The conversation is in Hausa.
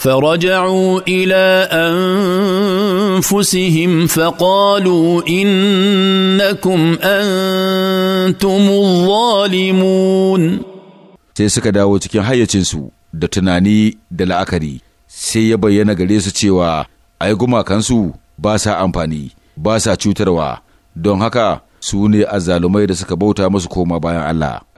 فرجعوا الى انفسهم فقالوا انكم انتم الظالمون sai suka dawo cikin hayyacinsu da tunani da la'akari sai ya bayyana gare su cewa ai gumakansu ba sa amfani ba sa cutarwa don haka su ne azzalumai da suka bauta musu koma bayan Allah